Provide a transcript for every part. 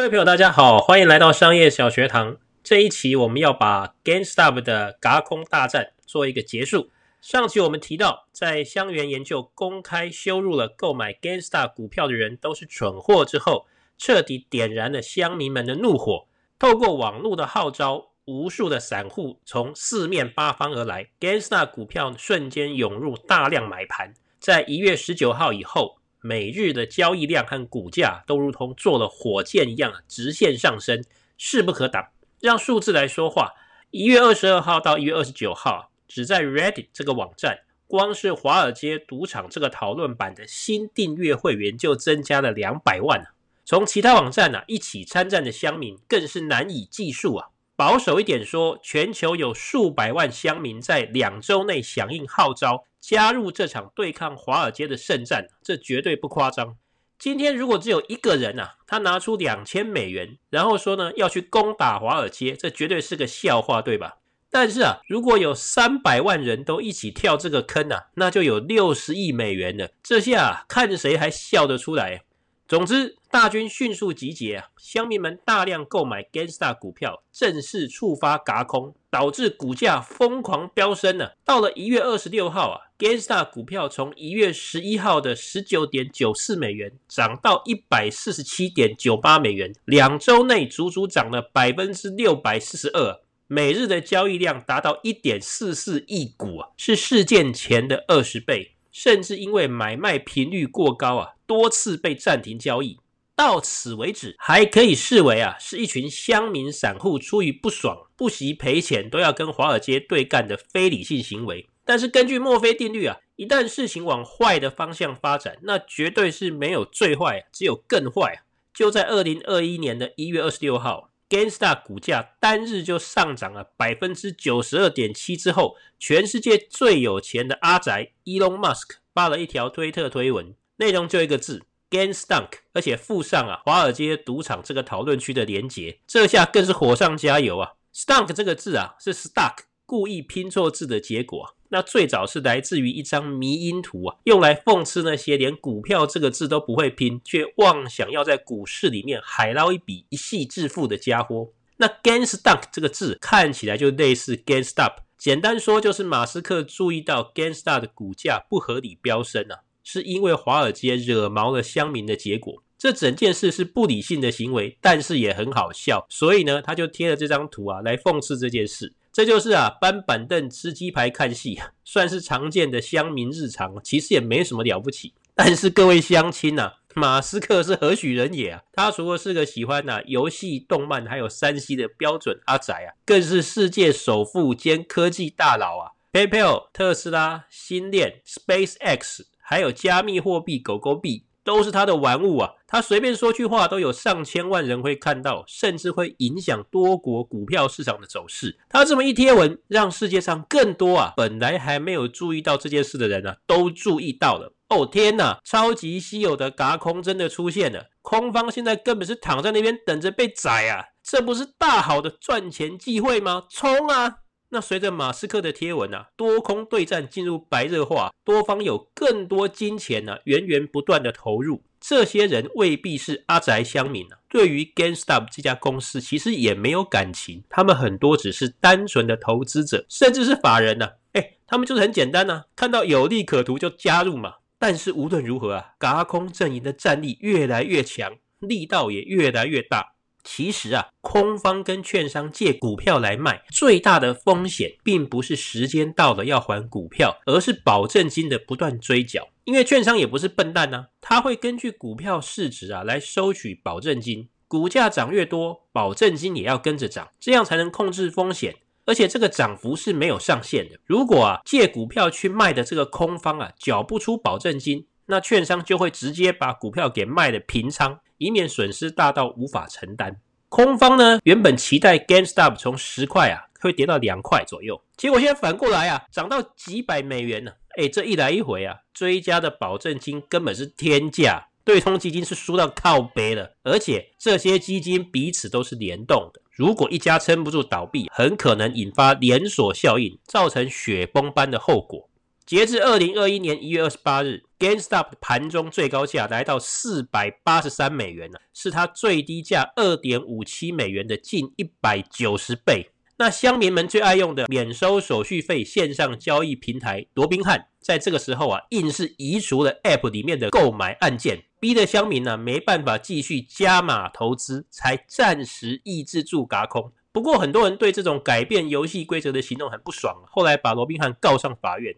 各位朋友，大家好，歡迎來到商業小學堂。這一期我們要把 GameStop 的軋空大戰做一個結束。上期我們提到，在香櫞研究公開羞辱了購買 GameStop 股票的人都是蠢貨之後，徹底點燃了鄉民們的怒火。透過網絡的號召，無數的散戶從四面八方而來，GameStop 股票瞬間湧入大量買盤。在一月十九號以後。每日的交易量、和股價都如同坐了火箭一樣啊，直線上升，勢不可擋。讓數字來說話，一月二十二號到一月二十九號，只在 Reddit 這個網站，光是華爾街賭場這個討論版的新訂閱會員就增加了兩百萬。從其他網站啊一起參戰的鄉民更是難以計數啊。保守一點說，全球有數百萬鄉民在兩周內響應號召。加入這場對抗華爾街的聖戰，這絕對不誇張。今天如果只有一個人啊，他拿出兩千美元，然後說呢，要去攻打華爾街，這絕對是個笑話，對吧？但是啊，如果有三百萬人都一起跳這個坑呢？啊，那就有六十億美元了。這下啊，看誰還笑得出來。總之，大軍迅速集結，鄉民們大量購買 GameStop 股票，正式觸發軋空，導致股價瘋狂飆升了。到了一月二十六號啊，GameStop 股票從一月十一號的十九點九四美元漲到一百四十七點九八美元，兩周內足足漲了百分之六百四十二，每日的交易量達到一點四四億股啊，是事件前的二十倍。甚至因為買賣頻率過高啊，多次被暫停交易。到此為止，還可以視為啊，是一群鄉民散戶出於不爽、不惜賠錢都要跟華爾街對幹的非理性行為。但是根據墨菲定律啊，一旦事情往壞的方向發展，那絕對是沒有最壞，只有更壞啊！就在二零二一年的一月二十六號。Gamestop 股價單日就上漲了百分之九十二點七之後，全世界最有錢的阿宅 Elon Musk 發了一條推特推文，內容就一個字 Gamestonk，而且附上啊華爾街賭場這個討論區的鏈接，這下更是火上加油啊 stonk 這個字啊，是 stock 故意拼錯字的結果。那最早是來自於一張迷因圖啊，用來諷刺那些連股票這個字都不會拼，卻妄想要在股市裡面海撈一筆一夕致富的家伙。那 Gamestonk 這個字看起來就類似 Gamestop，簡單說就是馬斯克注意到 Gamestonk 的股價不合理飆升啊，是因為華爾街惹毛了鄉民的結果。這整件事是不理性的行為，但是也很好笑，所以呢，他就貼了這張圖啊，來諷刺這件事。這就是啊，搬板凳吃雞排看戲，算是常見的鄉民日常，其實也沒什麼了不起。但是各位鄉親吶、啊，馬斯克是何許人也啊？他除了是個喜歡吶、啊、遊戲、動漫，還有三 C 的標準阿宅啊，更是世界首富兼科技大佬啊。PayPal、特斯拉、星鏈、SpaceX，還有加密貨幣狗狗幣，都是他的玩物啊。他隨便說句話，都有上千萬人會看到，甚至會影響多國股票市場的走勢。他這麼一貼文，讓世界上更多啊，本來還沒有注意到這件事的人啊，都注意到了。哦天啊，超級稀有的軋空真的出現了，空方現在根本是躺在那邊等着被宰啊！這不是大好的賺錢機會嗎？衝啊！那隨着馬斯克的貼文啊，多空對戰進入白熱化，多方有更多金錢呢、啊，源源不斷的投入。這些人未必是阿宅鄉民啊，對於 GameStop 這家公司其實也沒有感情，他們很多只是單純的投資者，甚至是法人啊。哎，他們就是很簡單啊，看到有利可圖就加入嘛。但是無論如何啊，軋空陣營的戰力越來越強，力道也越來越大。其實啊，空方跟券商借股票來賣，最大的風險並不是時間到了要還股票，而是保證金的不斷追繳。因為券商也不是笨蛋啊，他會根據股票市值啊來收取保證金，股價漲越多，保證金也要跟着漲，這樣才能控制風險。而且這個漲幅是沒有上限的。如果啊借股票去賣的這個空方啊繳不出保證金，那券商就會直接把股票給賣了平倉。以免損失大到無法承擔。空方呢，原本期待 GameStop 從十塊啊，會跌到兩塊左右，結果現在反過來啊，漲到幾百美元呢，哎，這一來一回啊，追加的保證金根本是天價。對沖基金是輸到靠北了，而且這些基金彼此都是聯動的，如果一家撐不住倒閉，很可能引發連鎖效應，造成雪崩般的後果。截至二零二一年一月二十八日，GameStop 盤中最高價來到四百八十三美元呢、啊，是它最低價二點五七美元的近一百九十倍。那鄉民們最愛用的免收手續費線上交易平台羅賓漢，在這個時候啊，硬是移除了 App 裡面的購買按鍵，逼得鄉民呢、啊、沒辦法繼續加碼投資，才暫時抑制住軋空。不過很多人對這種改變遊戲規則的行動很不爽，後來把羅賓漢告上法院。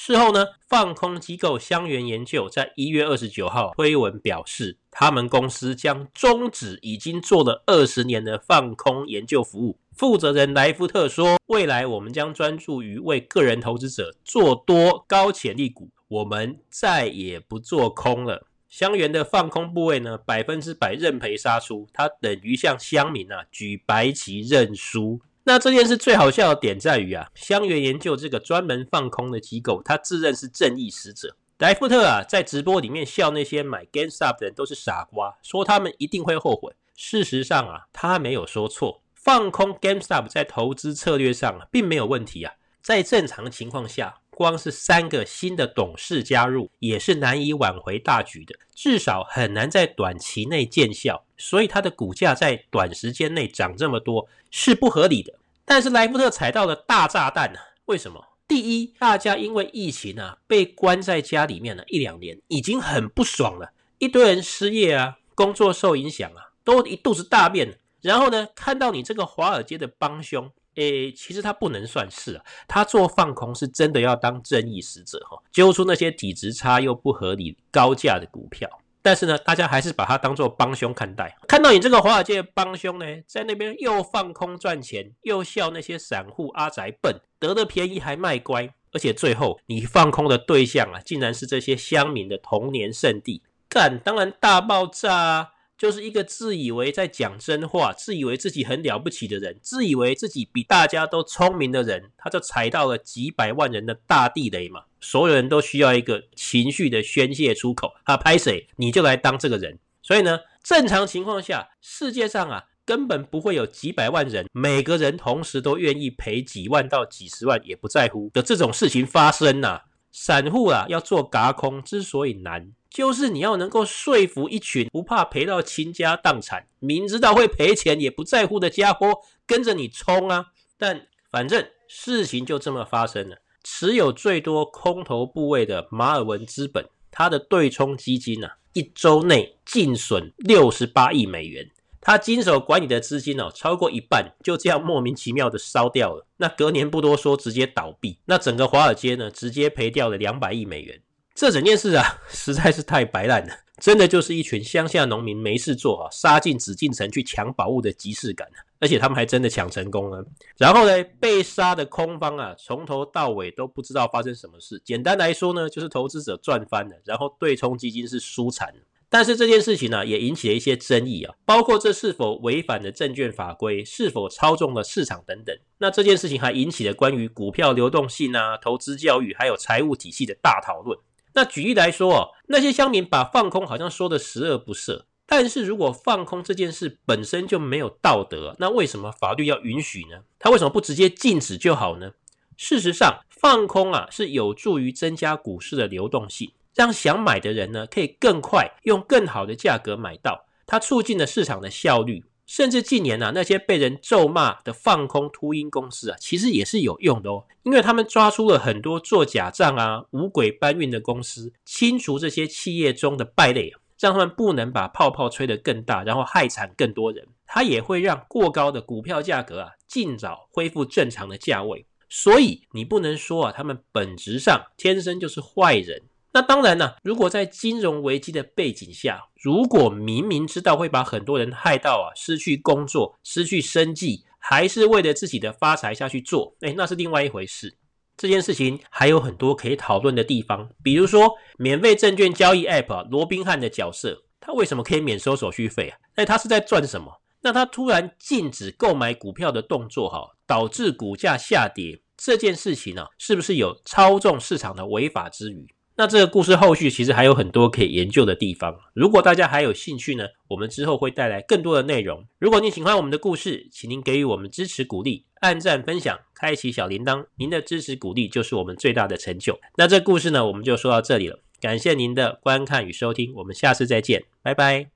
事後呢，放空機構香櫞研究在一月二十九號推文表示，他們公司將終止已經做了二十年的放空研究服務。負責人萊福特說：“未來我們將專注於為個人投資者做多高潛力股，我們再也不做空了。”香櫞的放空部位呢，百分之百認賠殺出，它等於向鄉民吶、啊、舉白旗認輸。那這件事最好笑的點在於啊，香櫞研究這個專門放空的機構，他自認是正義使者。萊福特啊，在直播裡面笑那些買 GameStop 的人都是傻瓜，說他們一定會後悔。事實上啊，他沒有說錯，放空 GameStop 在投資策略上啊，並沒有問題啊，在正常的情況下。光是三個新的董事加入，也是難以挽回大局的，至少很難在短期內見效。所以它的股價在短時間內漲這麼多是不合理的。但是萊福特踩到了大炸彈呢？為什麼？第一，大家因為疫情啊，被關在家裡面了一兩年，已經很不爽了，一堆人失業啊，工作受影響啊，都一肚子大便了。然後呢，看到你這個華爾街的幫兇。誒、欸，其實他不能算是啊，他做放空是真的要當正義使者，哈，揪出那些體質差又不合理高價的股票。但是呢，大家還是把他當做幫兇看待。看到你這個華爾街的幫兇呢，在那邊又放空賺錢，又笑那些散戶阿宅笨，得了便宜還賣乖。而且最後你放空的對象啊，竟然是這些鄉民的童年聖地，幹，當然大爆炸啊。就是一個自以為在講真話、自以為自己很了不起的人、自以為自己比大家都聰明的人，他就踩到了幾百萬人的大地雷嘛。所有人都需要一個情緒的宣洩出口，他、啊、拍誰，你就來當這個人。所以呢，正常情況下，世界上啊根本不會有幾百萬人，每個人同時都願意賠幾萬到幾十萬也不在乎的這種事情發生吶、啊。散戶啊要做軋空，之所以難。就是你要能夠說服一群不怕賠到傾家蕩產、明知道會賠錢也不在乎的家夥跟着你衝啊！但反正事情就這麼發生了。持有最多空頭部位的馬爾文資本，他的對沖基金呢、啊，一周內淨損六十八億美元。他經手管理的資金呢、哦，超過一半就這樣莫名其妙的燒掉了。那隔年不多說，直接倒閉。那整個華爾街呢，直接賠掉了兩百億美元。這整件事啊，實在是太白爛了，真的就是一群鄉下農民沒事做啊，殺進紫禁城去搶寶物的即視感、啊。而且他們還真的搶成功了、啊。然後呢，被殺的空方啊，從頭到尾都不知道發生什麼事。簡單來說呢，就是投資者賺翻了，然後對沖基金是輸慘了。但是這件事情呢、啊，也引起了一些爭議啊，包括這是否違反了證券法規，是否操縱了市場等等。那這件事情還引起了關於股票流動性啊、投資教育還有財務體系的大討論。那舉例來說，那些鄉民把放空好像說得十惡不赦，但是如果放空這件事本身就沒有道德，那為什麼法律要允許呢？他為什麼不直接禁止就好呢？事實上，放空啊是有助於增加股市的流動性，讓想買的人呢可以更快用更好的價格買到，它促進了市場的效率。甚至近年吶、啊，那些被人咒罵的放空禿鷹公司啊，其實也是有用的哦，因為他們抓出了很多做假賬啊、五鬼搬運的公司，清除這些企業中的敗類、啊，讓他們不能把泡泡吹得更大，然後害慘更多人。他也會讓過高的股票價格啊，儘早恢復正常的價位。所以你不能說啊，他們本質上天生就是壞人。那當然呢、啊，如果在金融危機的背景下，如果明明知道會把很多人害到啊，失去工作、失去生計，還是為了自己的發財下去做，哎，那是另外一回事。這件事情還有很多可以討論的地方，比如說免費證券交易 App 羅賓漢的角色，他為什麼可以免收手續費啊？他是在賺什麼？那他突然禁止購買股票的動作，哈，導致股價下跌，這件事情呢、啊，是不是有操縱市場的違法之虞？那這個故事後續其實還有很多可以研究的地方。如果大家還有興趣呢，我們之後會帶來更多的內容。如果你喜歡我們的故事，請您給予我們支持鼓勵，按讚、分享、開啟小鈴鐺。您的支持鼓勵就是我們最大的成就。那這故事呢，我們就說到這裡了。感謝您的觀看與收聽，我們下次再見，拜拜。